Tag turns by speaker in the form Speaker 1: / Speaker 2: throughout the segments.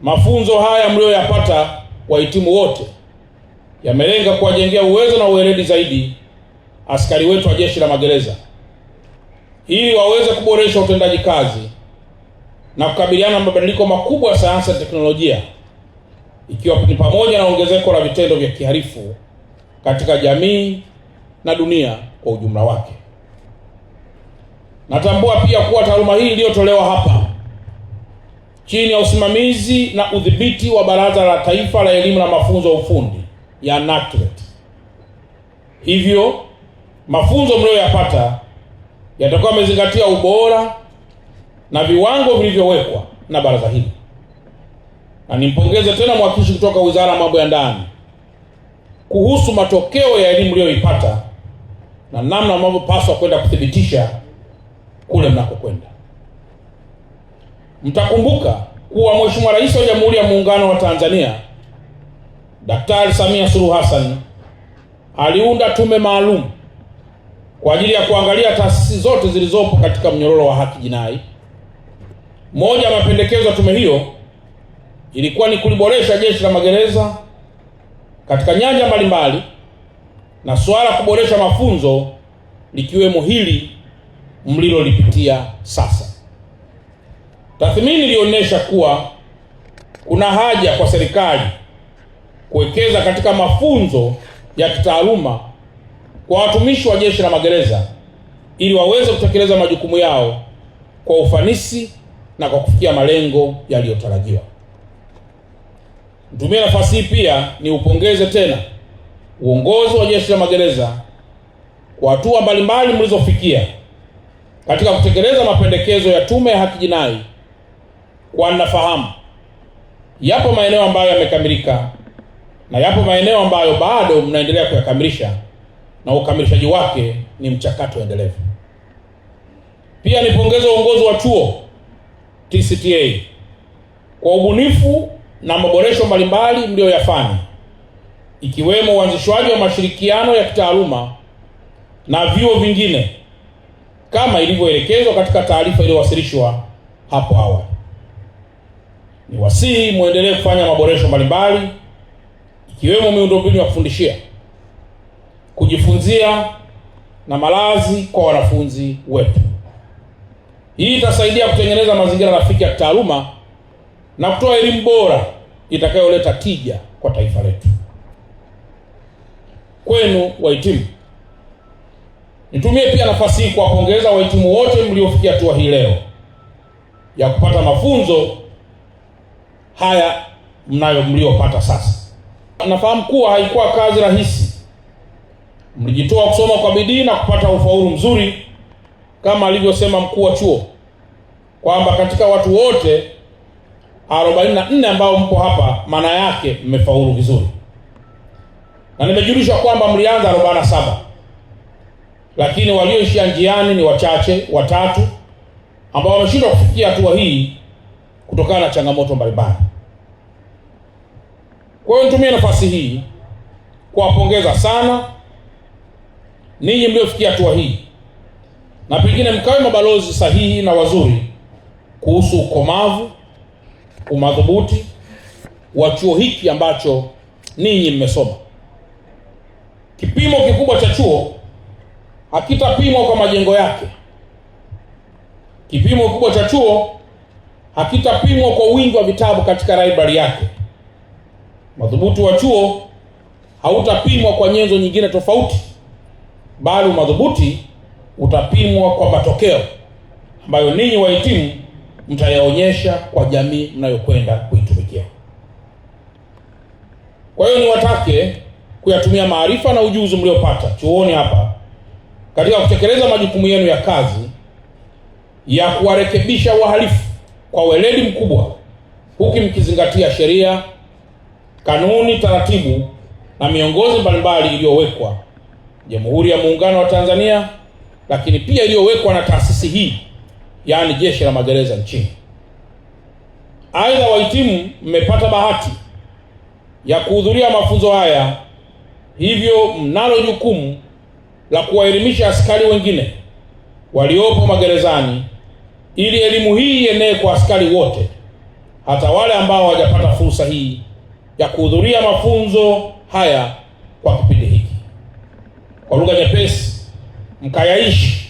Speaker 1: Mafunzo haya mliyoyapata wahitimu wote yamelenga kuwajengea uwezo na uweledi zaidi askari wetu wa Jeshi la Magereza ili waweze kuboresha utendaji kazi na kukabiliana na mabadiliko makubwa ya sayansi na teknolojia ikiwa ni pamoja na ongezeko la vitendo vya kihalifu katika jamii na dunia kwa ujumla wake. Natambua pia kuwa taaluma hii iliyotolewa hapa chini ya usimamizi na udhibiti wa Baraza la Taifa la Elimu na Mafunzo ya Ufundi ya NACTVET. E Hivyo mafunzo mliyoyapata yatakuwa yamezingatia ubora na viwango vilivyowekwa na baraza hili, na nimpongeze tena mwakilishi kutoka Wizara ya Mambo ya Ndani kuhusu matokeo ya elimu mliyoipata na namna mnavyopaswa kwenda kuthibitisha kule mnakokwenda. Mtakumbuka kuwa Mheshimiwa Rais wa Jamhuri ya Muungano wa Tanzania Daktari Samia Suluhu Hassan aliunda tume maalum kwa ajili ya kuangalia taasisi zote zilizopo katika mnyororo wa haki jinai. Moja ya mapendekezo ya tume hiyo ilikuwa ni kuliboresha jeshi la magereza katika nyanja mbalimbali na suala kuboresha mafunzo likiwemo hili mlilolipitia sasa. Tathmini ilionyesha kuwa kuna haja kwa serikali kuwekeza katika mafunzo ya kitaaluma kwa watumishi wa jeshi la magereza ili waweze kutekeleza majukumu yao kwa ufanisi na kwa kufikia malengo yaliyotarajiwa. Nitumie nafasi hii pia niupongeze tena uongozi wa jeshi la magereza kwa hatua mbalimbali mlizofikia katika kutekeleza mapendekezo ya Tume ya Haki Jinai wanafahamu. Yapo maeneo ambayo yamekamilika na yapo maeneo ambayo bado mnaendelea kuyakamilisha, na ukamilishaji wake ni mchakato endelevu. Pia nipongeze uongozi wa chuo TCTA kwa ubunifu na maboresho mbalimbali mliyoyafanya, ikiwemo uanzishwaji wa mashirikiano ya kitaaluma na vyuo vingine kama ilivyoelekezwa katika taarifa iliyowasilishwa hapo awali ni wasihi mwendelee kufanya maboresho mbalimbali ikiwemo miundombinu ya kufundishia, kujifunzia na malazi kwa wanafunzi wetu. Hii itasaidia kutengeneza mazingira rafiki ya kitaaluma na kutoa elimu bora itakayoleta tija kwa taifa letu. Kwenu wahitimu, nitumie pia nafasi hii kuwapongeza wahitimu wote mliofikia hatua hii leo ya kupata mafunzo haya mnayo mliopata sasa. Nafahamu kuwa haikuwa kazi rahisi, mlijitoa kusoma kwa bidii na kupata ufaulu mzuri kama alivyosema mkuu wa chuo kwamba katika watu wote 44 ambao mko hapa, maana yake mmefaulu vizuri, na nimejulishwa kwamba mlianza 47 lakini walioishia njiani ni wachache, watatu ambao wameshindwa kufikia hatua hii kutokana na changamoto mbalimbali. Kwa hiyo nitumie nafasi hii kuwapongeza sana ninyi mliofikia hatua hii, na pengine mkawe mabalozi sahihi na wazuri kuhusu ukomavu, umadhubuti wa chuo hiki ambacho ninyi mmesoma. Kipimo kikubwa cha chuo hakitapimwa kwa majengo yake. Kipimo kikubwa cha chuo hakitapimwa kwa wingi wa vitabu katika library yake Madhubuti wa chuo hautapimwa kwa nyenzo nyingine tofauti, bali madhubuti utapimwa kwa matokeo ambayo ninyi wahitimu mtayaonyesha kwa jamii mnayokwenda kuitumikia. Kwa hiyo niwatake kuyatumia maarifa na ujuzi mliopata chuoni hapa katika kutekeleza majukumu yenu ya kazi ya kuwarekebisha wahalifu kwa weledi mkubwa, huki mkizingatia sheria, kanuni, taratibu na miongozo mbalimbali iliyowekwa Jamhuri ya Muungano wa Tanzania, lakini pia iliyowekwa na taasisi hii, yaani Jeshi la Magereza nchini. Aidha, wahitimu mmepata bahati ya kuhudhuria mafunzo haya, hivyo mnalo jukumu la kuwaelimisha askari wengine waliopo magerezani ili elimu hii ienee kwa askari wote, hata wale ambao hawajapata fursa hii ya kuhudhuria mafunzo haya kwa kipindi hiki. Kwa lugha nyepesi, mkayaishi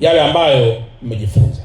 Speaker 1: yale ambayo mmejifunza.